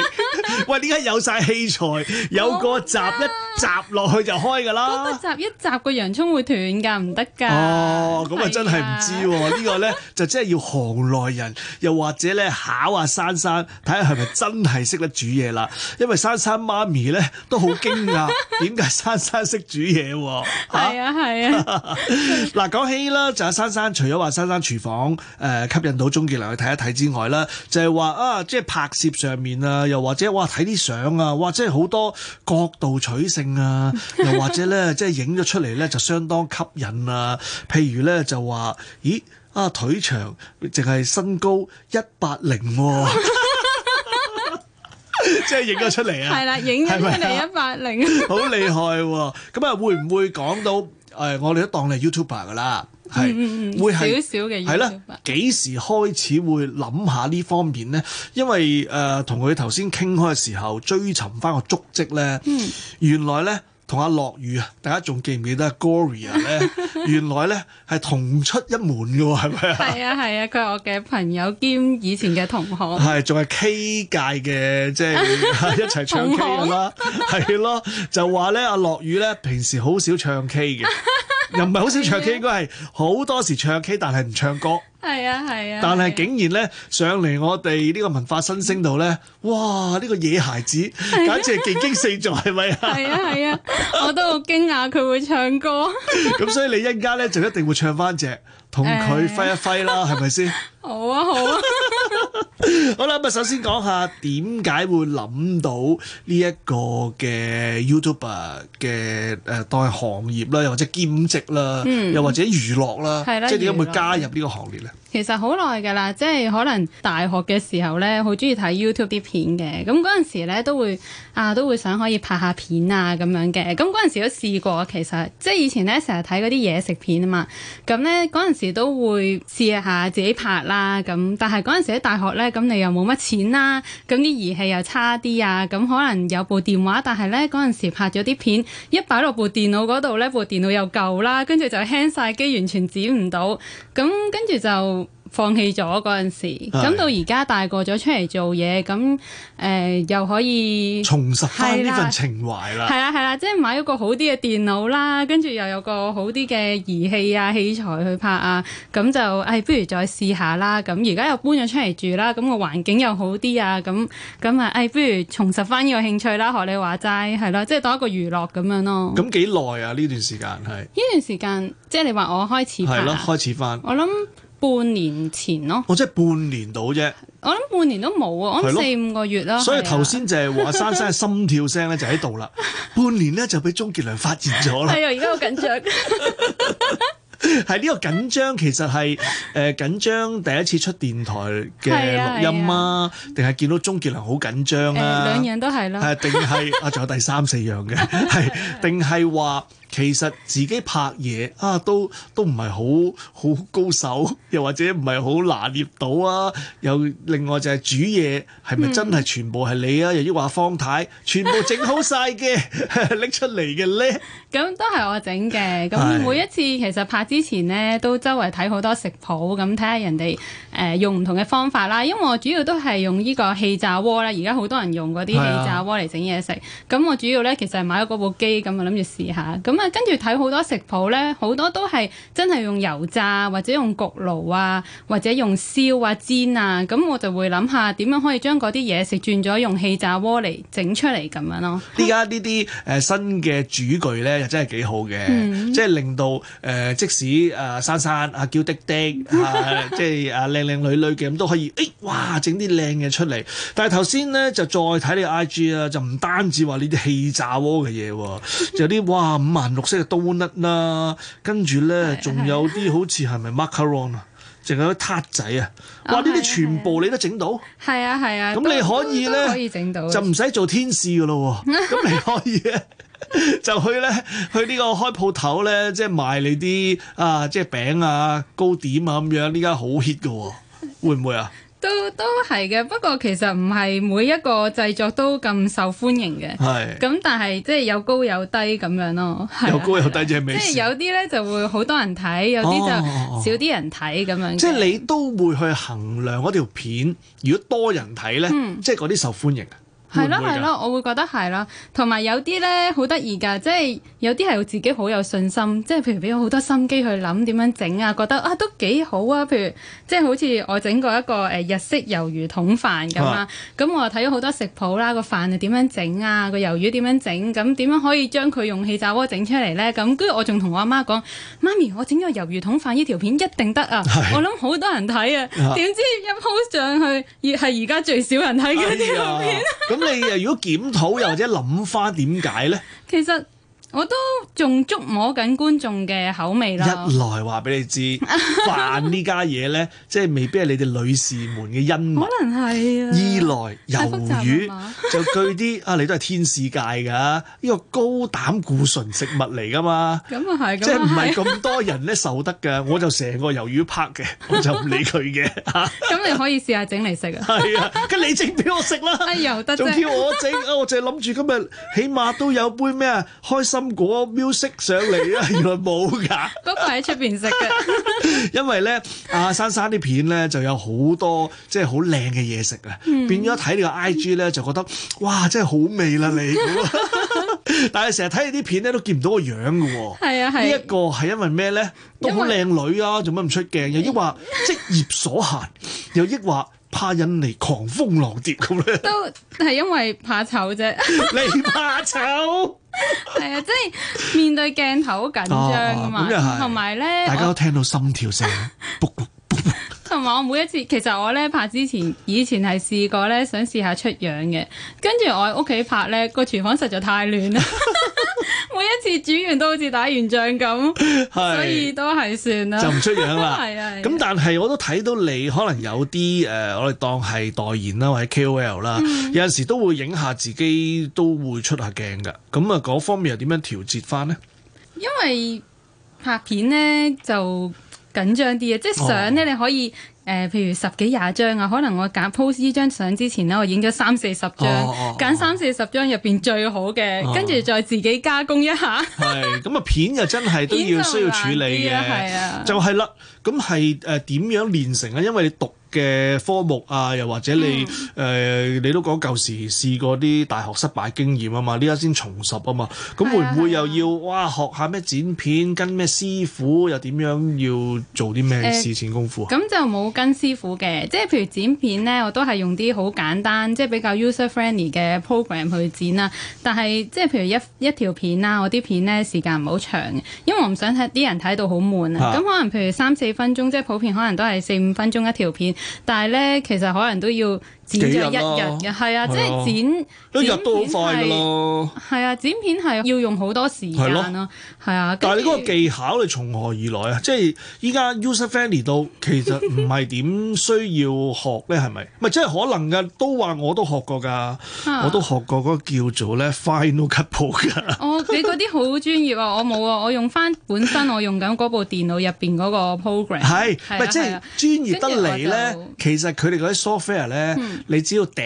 喂，點解有晒器材， 有個閘一閘落去就開噶啦？嗰個閘一閘個洋葱會斷噶，唔得噶。哦，咁啊真係唔知呢個咧，就真係要行內人，又或者咧考下、啊、珊珊，睇下係咪真係識得煮嘢啦？因為珊珊媽咪咧都好驚訝，點解珊珊識煮嘢？係啊，係、啊。嗱，講 起啦，就阿珊珊，除咗話珊珊廚房誒吸引到鍾傑良去睇一睇之外啦，就係、是、話啊，即、就、係、是、拍攝上面啊，又或者哇睇啲相啊，或者係好多角度取勝啊，又或者咧，即係影咗出嚟咧就相當吸引啊。譬如咧就話，咦，啊腿長，淨係身高一八零，即係影咗出嚟啊。係啦，影咗出嚟一八零，好厲害。咁啊，會唔會講到？誒，我哋都當你係 YouTuber 噶啦，係、嗯、會係少少嘅係啦，幾時開始會諗下呢方面咧？因為誒，同佢頭先傾開嘅時候追尋翻個足跡咧，嗯、原來咧。同阿、啊、樂宇啊，大家仲記唔記得阿 Gloria 咧？原來咧係同出一門嘅喎，係咪 啊？係啊係啊，佢係我嘅朋友兼以前嘅同學。係仲係 K 界嘅，即、就、係、是、一齊唱 K 啦 同學，係 咯。就話咧，阿、啊、樂宇咧平時好少唱 K 嘅，又唔係好少唱 K， 的應該係好多時唱 K，但係唔唱歌。係啊係啊，啊、但係竟然咧 cause 上嚟我哋呢個文化新星度咧，哇！呢個野孩子簡直係技驚四座，係咪啊？係啊係啊，我都好驚訝佢會唱歌。咁 所以你一加咧就一定會唱返隻，同佢揮一揮啦，係咪先？ 好啊，好啊， 好啦！咁啊，首先講下點解會諗到呢一個嘅 Youtuber 嘅誒、呃，當係行業啦，又或者兼職啦，嗯、又或者娛樂啦，係啦即係點解會加入呢個行列咧？其實好耐噶啦，即係可能大學嘅時候咧，好中意睇 YouTube 啲片嘅。咁陣時咧，都會啊，都會想可以拍下片啊，咁樣嘅。咁陣時都試過，其實即係以前咧成日睇啲嘢食片啊嘛。咁咧陣時都會試下自己拍啦。啊咁，但係嗰陣時喺大學咧，咁你又冇乜錢啦，咁啲儀器又差啲啊，咁可能有部電話，但係咧嗰陣時拍咗啲片，一擺落部電腦嗰度咧，部電腦又舊啦，跟住就輕晒機，完全剪唔到，咁跟住就。放棄咗嗰陣時，咁的到而家大個咗出嚟做嘢，咁誒、呃、又可以重拾翻呢份情懷啦。係啦係啦，即係買一個好啲嘅電腦啦，跟住又有個好啲嘅儀器啊器材去拍啊，咁就誒、哎、不如再試下啦。咁而家又搬咗出嚟住啦，咁、個環境又好啲啊，咁咁啊誒不如重拾翻呢個興趣啦。學你話齋係咯，即係當一個娛樂咁樣咯。咁幾耐啊？呢段時間係呢段時間，即係你話我開始係咯開始翻，我諗。半年前咯，我、哦、即係半年到啫。我諗半年都冇啊，我諗四五個月啦。所以頭先就係話珊珊嘅心跳聲咧就喺度啦。 半年咧就俾鍾傑良發現咗啦。係啊， 而家好緊張。係呢個緊張其實係誒緊張第一次出電台嘅錄音啊，定係、啊啊、見到鍾傑良好緊張啊？兩、呃、樣都係啦。係定係啊？仲有第三四樣嘅，係定係話。其實自己拍嘢啊，都都唔係好好高手，又或者唔係好拿捏到啊。又另外就係煮嘢，係咪真係全部係你啊？嗯、又要話方太全部整好晒嘅拎出嚟嘅咧？咁都係我整嘅。咁每一次其實拍之前呢，都周圍睇好多食譜，咁睇下人哋誒、呃、用唔同嘅方法啦。因為我主要都係用呢個氣炸鍋啦。而家好多人用嗰啲氣炸鍋嚟整嘢食。咁我主要咧其實係買咗嗰部機，咁我諗住試下。咁啊～啊、跟住睇好多食譜咧，好多都係真係用油炸或者用焗爐啊，或者用燒啊、煎啊，咁我就會諗下點樣可以將嗰啲嘢食轉咗用氣炸鍋嚟整出嚟咁樣咯、啊。依家、呃、呢啲誒新嘅煮具咧，又真係幾好嘅、嗯呃，即係令到誒即使誒珊珊啊、嬌滴滴，啊，即係啊靚靚女女嘅咁都可以，哎哇，整啲靚嘅出嚟。但係頭先咧就再睇你 I G 啊，就唔單止話你啲氣炸鍋嘅嘢喎，就有啲哇五啊～藍綠色嘅冬甩啦，跟住咧仲有啲好似係咪 macaron 啊，仲、啊、有啲塔仔啊，哇！呢啲、哦啊、全部你都整到，係啊係啊，咁、啊、你可以咧，可以整到，就唔使做天使噶咯喎，咁 你可以咧就去咧去呢個開鋪頭咧，即係賣你啲啊即係、就是、餅啊糕點啊咁樣，呢家好 hit 噶喎，會唔會啊？都都係嘅，不過其實唔係每一個製作都咁受歡迎嘅，咁是但係即係有高有低咁樣咯，有高有低即係咩事？即係有啲咧就會好多人睇，有啲就少啲人睇咁樣、哦。即係你都會去衡量嗰條片，如果多人睇咧，嗯、即係嗰啲受歡迎係咯係咯，我會覺得係咯，同埋有啲咧好得意噶，即係有啲係自己好有信心，即係譬如俾咗好多心機去諗點樣整啊，覺得啊都幾好啊，譬如即係好似我整過一個誒日式魷魚筒飯咁啊，咁、啊、我睇咗好多食譜啦，個飯係點樣整啊，個魷魚點樣整，咁點樣可以將佢用氣炸鍋整出嚟咧？咁跟住我仲同我阿媽講，媽咪的，我整咗魷魚筒飯呢條片一定得啊！的我諗好多人睇啊，點、啊、知一 post 上去，而係而家最少人睇嘅呢條片。哎呦 你又如果檢討又或者諗翻點解呢？其實。我都仲捉摸緊觀眾嘅口味啦。一來話俾你知，飯呢家嘢咧，即係未必係你哋女士們嘅恩物。可能係啊。二來，魷魚就據啲啊，你都係天使界㗎，呢個高膽固醇食物嚟㗎嘛。咁啊係，即係唔係咁多人咧受得㗎？我就成個魷魚拍嘅，我就唔理佢嘅嚇。咁你可以試下整嚟食啊。係啊，咁你整俾我食啦。啊，又得啫。仲叫我整啊？我淨係諗住今日起碼都有杯咩啊？開心。果 music 上嚟啊，原來冇㗎。嗰個喺出邊食嘅，因為咧，阿、啊、珊珊啲片咧就有好多即係好靚嘅嘢食啊，嗯、變咗睇呢個 IG 咧就覺得哇，真係好味啦、嗯、 你。但係成日睇你啲片咧都見唔到樣、啊、個樣嘅喎。係啊係。呢一個係因為咩咧？都好靚女啊，做乜唔出鏡？又抑或職業所限？又 抑或？怕引嚟狂風浪蝶咁咧，都係因為怕醜啫。 你怕醜？係啊、 呃，即係面對鏡頭好緊張㗎嘛。同埋咧，呢我大家都聽到心跳聲，噗噗噗，同埋 我每一次，其實我咧拍之前，以前係試過咧，想試下出樣嘅。跟住我喺屋企拍咧，個廚房實在太亂啦。 每一次煮完都好似打完仗咁，是所以都係算啦。就唔出樣啦。係啊。 咁是但係我都睇到你可能有啲誒、呃，我哋當係代言啦，或者 KOL 啦，嗯、有陣時都會影下自己，都會出下鏡嘅。咁啊，嗰方面又點樣調節翻呢？因為拍片呢就緊張啲啊，即係相呢你可以。哦誒、呃，譬如十幾廿張啊，可能我揀 post 呢張相之前咧，我影咗三四十張，揀、哦哦、三四十張入邊最好嘅，跟住、哦、再自己加工一下。係，咁、嗯、啊片就真係都要需要處理嘅，啊，就係啦。咁係誒點樣練成啊？因為你讀嘅科目啊，又或者你誒、嗯呃、你都講舊時試過啲大學失敗經驗啊嘛，呢家先重拾啊嘛，咁會唔會又要、嗯、哇學下咩剪片，跟咩師傅又點樣要做啲咩事前功夫？啊，咁、呃、就冇跟師傅嘅，即係譬如剪片咧，我都係用啲好簡單即係比較 user friendly 嘅 program 去剪啦。但係即係譬如一一條片啦，我啲片咧時間唔好長，因為我唔想睇啲人睇到好悶啊。咁、嗯、可能譬如三四分鐘即係普遍可能都係四五分鐘一條片。但係咧，其實可能都要，剪咗一日嘅，係啊，即係剪，一日都好快咯。係啊，剪片係要用好多時間咯。係啊，但係你嗰個技巧你從何而來啊？即係依家 user friendly 到，其實唔係點需要學咧，係咪？咪，即係可能嘅，都話我都學過㗎，我都學過嗰個叫做咧 final cut pro 噶。我你嗰啲好專業啊，我冇啊，我用翻本身我用緊嗰部電腦入邊嗰個 program。係，唔係即係專業得嚟咧？其實佢哋嗰啲 software 咧。你只要掉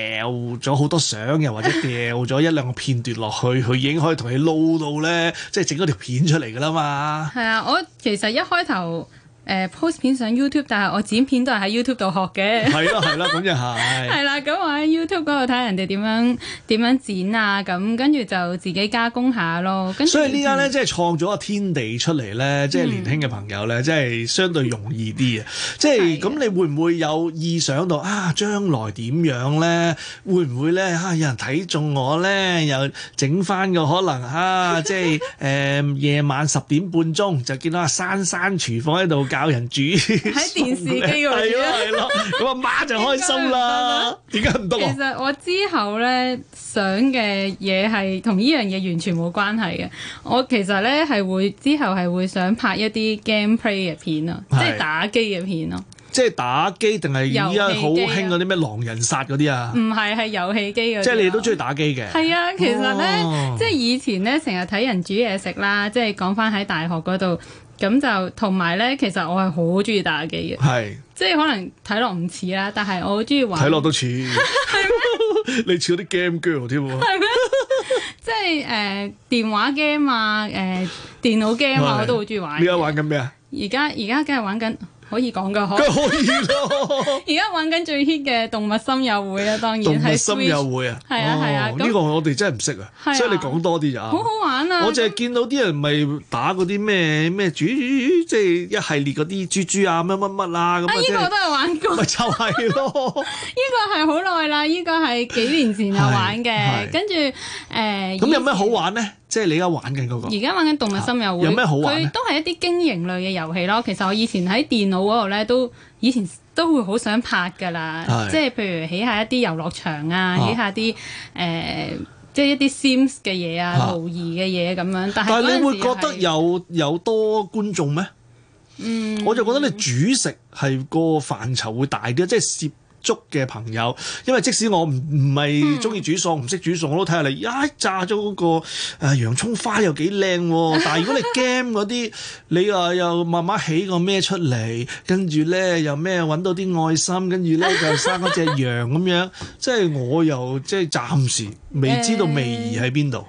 咗好多相，又或者掉咗一兩個片段落去，佢 已經可以同你撈到咧，即係整咗條片出嚟噶啦嘛。係啊，我其實一開頭。誒、呃、post 片上 YouTube，但係我剪片都係喺 YouTube 度學嘅。係啦係啦，咁又係。係啦，咁、 啊、我喺 YouTube 度睇人哋點樣點樣剪啊，咁跟住就自己加工下咯。跟所以呢家咧，就即係創咗個天地出嚟咧，嗯、即係年輕嘅朋友咧，即係相對容易啲啊！即係咁，你會唔會有意想到啊？將來點樣咧？會唔會咧？嚇、啊、有人睇中我咧？又整翻個可能嚇、啊，即係誒、呃、夜晚十點半鐘就見到阿珊珊廚房喺度教人煮喺 你電視機嗰度，係咯，咁阿媽就開心啦。點解唔得？其實我之後咧想嘅嘢係同呢樣嘢完全冇關係嘅。我其實咧係會之後係會想拍一啲 gameplay 嘅片咯是，即係打機嘅片咯。即係打機定係而家好興嗰啲咩狼人殺嗰啲啊？唔係，係遊戲機嗰。即係你都中意打機嘅。係啊，其實咧、哦，即係以前咧，成日睇人煮嘢食啦，即係講翻喺大學嗰度。咁就同埋咧，其實我係好中意打機嘅，係是即係可能睇落唔似啦，但係我好中意玩，睇落都似， 嗎 你似嗰啲 game girl 添喎 即係誒、呃、電話 game 啊，誒、呃、電腦 game 啊，是我都好中意玩。你而家玩緊咩啊？而家而家梗係玩緊。可以講噶可，以咯。而家玩緊最 hit 嘅動物森友會啊，當然係動物森友會啊。係啊係啊，呢個我哋真係唔識啊，所以你講多啲咋。好好玩啊！我淨係見到啲人咪打嗰啲咩咩主，即係一系列嗰啲豬豬啊，乜乜乜啦，咁呢個都係玩過。咪就係咯。呢個係好耐啦，呢個係幾年前就玩嘅，跟住誒。咁有咩好玩咧？即係你而家玩緊嗰、那個，而家玩緊動物森友會，啊、有咩好玩？佢都係一啲經營類嘅遊戲咯。其實我以前喺電腦嗰度咧，都以前都會好想拍㗎啦。是即係譬如起下一啲遊樂場啊，啊起下啲誒、呃，即係一啲 Sims 嘅嘢啊，模擬嘅嘢咁樣。但係你會覺得有是有多觀眾咩？嗯，我就覺得你煮食係個範疇會大啲，即係涉。粥嘅朋友，因為即使我唔唔係鍾意煮餸，唔識、嗯、煮餸，我都睇下你一、哎、炸咗嗰、嗰個、呃、洋葱花又幾靚。但係如果你驚嗰啲， 你話又，又慢慢起個咩出嚟，跟住咧又咩揾到啲愛心，跟住咧就生嗰隻羊咁樣， 即係我又即係暫時未知道味疑喺邊度。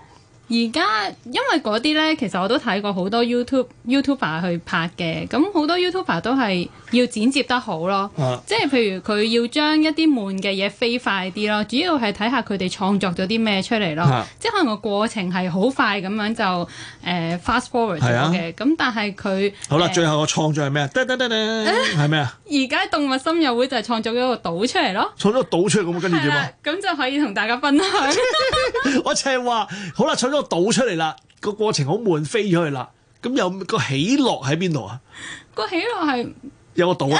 而家因為啲咧，其實我都睇過好多 YouTube YouTuber 去拍嘅，咁好多 YouTuber 都係要剪接得好咯，啊、即係譬如佢要將一啲悶嘅嘢飛快啲咯，主要係睇下佢哋創作咗啲咩出嚟咯，啊、即係可能個過程係好快咁樣就誒、呃、fast forward 咗嘅，啊，咁但係佢好啦吧，呃、最後個創作係咩？得得得得，係咩啊？而家動物森友會就係創作咗個島出嚟咯，創造個島出嚟咁跟住點啊？咁就可以同大家分享 我。我係話好啦，好 個島出嚟啦，個過程好悶，飛咗去啦，咁有個喜樂喺邊度啊？個喜樂係有個島啊，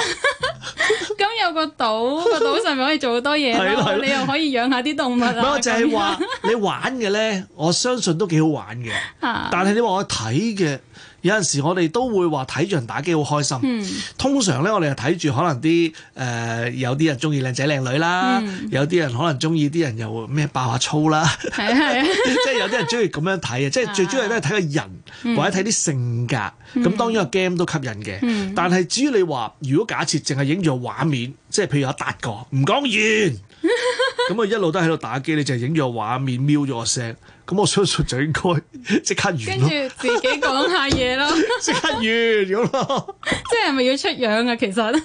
咁 有個島，個島上面可以做好多嘢 對了，你又可以養下啲動物啊。唔係，就係話你玩嘅咧， 我相信都幾好玩嘅，但係你話我睇嘅。有陣時我哋都會話睇住人打機好開心。嗯、通常呢，我哋係睇住可能啲誒、呃、有啲人中意靚仔靚女啦，嗯、有啲人可能中意啲人又咩爆下粗啦。係啊，即係有啲人中意咁樣睇嘅，即係最主要都係睇個人、嗯、或者睇啲性格。咁、嗯、當然個 game 都吸引嘅，嗯、但係至於你話如果假設淨係影住畫面，即係譬如有達哥唔講完。咁 我一路都喺度打機，你就影咗個畫面，瞄咗個聲，咁我相信就應該即刻完。跟住自己講下嘢咯，即刻完咗咯。即係咪要出樣啊？其實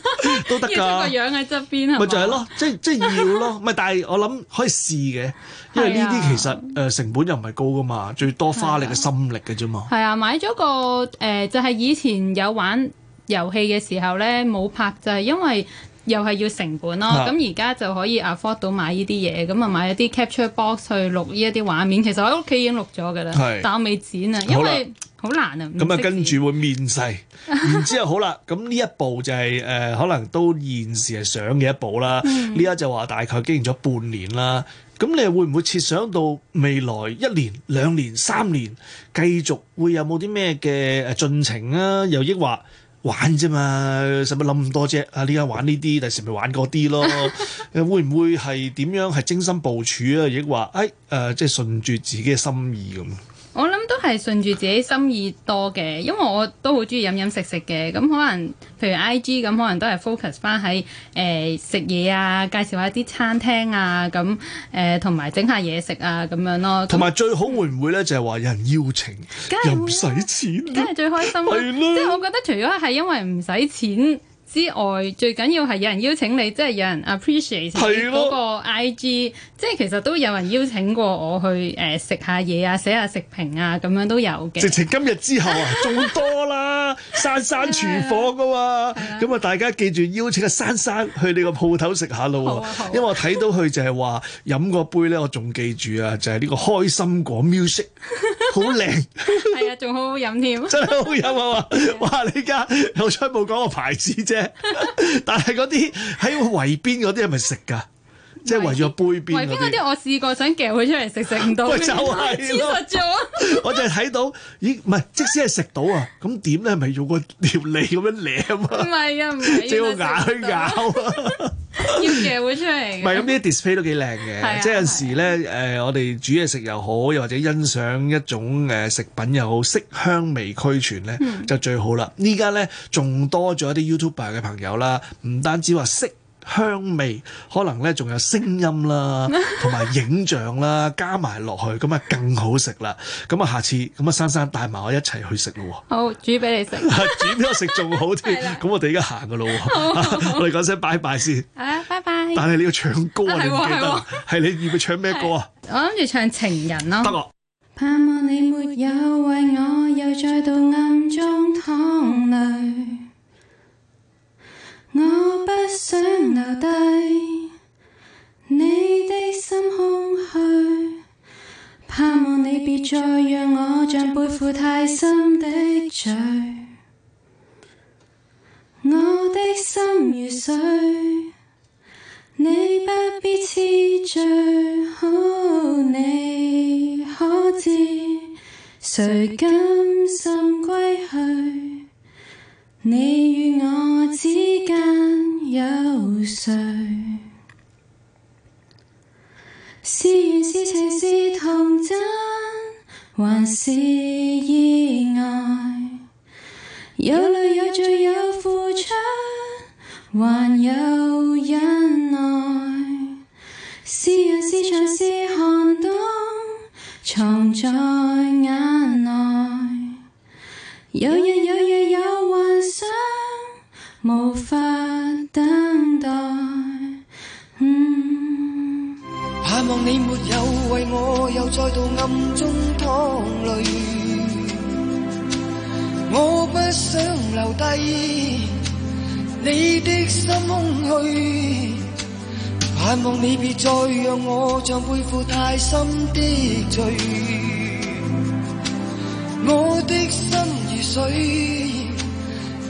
都得噶， 要出個樣喺側邊啊。咪就係咯，即即、 即係即係、要咯。咪 但係我諗可以試嘅，因為呢啲其實誒成本又唔係高噶嘛，最多花你嘅心力嘅啫嘛。係啊的，買咗個誒、呃，就係、是、以前有玩遊戲嘅時候咧，冇拍就係、是、因為。又係要成本咯，咁而家就可以 afford 到買呢啲嘢，咁啊買一啲 capture box 去錄呢一啲畫面。其實我喺屋企已經錄咗㗎啦，但係我未剪啊，因為好難啊。咁啊，跟住會面世，然之後好啦，咁呢一步就係誒可能都現時係上嘅一步啦。呢家就話大概經營咗半年啦，咁你會唔會設想到未來一年、兩年、三年繼續會有冇啲咩嘅誒進程啊？又抑或？玩啫嘛，使乜諗咁多啫？ 啊，依家玩呢啲，第時咪玩嗰啲咯。會唔會係點樣係精心部署啊？亦話誒誒，即係順住自己嘅心意咁。都係順住自己心意多嘅，因為我都好中意飲飲食食嘅，咁可能譬如 IG 咁，可能都係 focus 翻喺誒食、呃、嘢啊，介紹下啲餐廳啊，咁誒同埋整下嘢食啊咁樣咯。同埋最好會唔會咧，就係、是、話有人邀請、啊、又唔使錢、啊，真係最開心、啊。係 對啦，即係我覺得除咗係因為唔使錢之外，最緊要係有人邀請你，即係有人 appreciate 你嗰個 IG，的即係其實都有人邀請過我去誒食、呃、下嘢啊，寫下食評啊，咁樣都有嘅。直情今日之後啊，仲 多啦，珊珊廚房噶、啊、嘛，咁啊 大家記住邀請阿珊珊去你個鋪頭食下咯， 啊啊、因為我睇到佢就係話飲個杯咧，我仲記住啊，就係呢個開心果 music。 好靚，係啊， 仲好好飲添，真係好好飲啊！哇，你而家好彩冇講個牌子啫， 但係嗰啲喺圍邊嗰啲係咪食噶？圍即係圍住杯邊嗰啲，我試過想夾佢出嚟食，食唔到， 就係咯了， 我就係睇到，咦？唔係，即使係食到 是是啊，咁點咧？係咪用個條脷咁樣舐啊？唔係啊，唔係，用牙去咬。咬啊！ 要嘅會出嚟，唔係咁。啲 display 都幾靚嘅。啊、即係有時咧，誒、啊呃、我哋煮嘢食又好，又或者欣賞一種誒食品又好，色香味俱全咧、嗯、就最好啦。依家咧仲多咗一啲 YouTuber 嘅朋友啦，唔單止話色。香味可能咧，仲有聲音啦，同埋影像啦，加埋落去咁啊，更好食啦！咁啊，下次咁啊，珊珊帶埋我一齊去食咯喎。好，煮俾你食，煮俾我食仲好啲。咁我哋而家行個路喎，我哋講聲拜拜先。啊，拜拜。但係你要唱歌啊，你唔記得係你要佢唱咩歌啊？我諗住唱情人咯。得。盼望你沒有為我又再度暗中淌淚，我不想留低，你的心空虛，盼望你別再讓我像背負太深的罪。 我的心如水，你不必痴醉。 Oh, 你可知誰甘心歸去？你與我之間有誰？是緣是情是童真，還是意外？有淚有罪有付出，還有忍耐。是人是牆是寒冬，藏在眼內。有因有無法等待，嗯、盼望你沒有為我又再度暗中淌淚。我不想留低你的心空虛，盼望你別再讓我像背負太深的罪。我的心如水。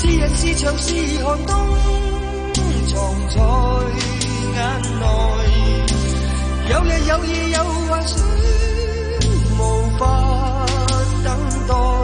是人是牆是寒冬，藏在眼內，有日有夜有幻想，無法等待。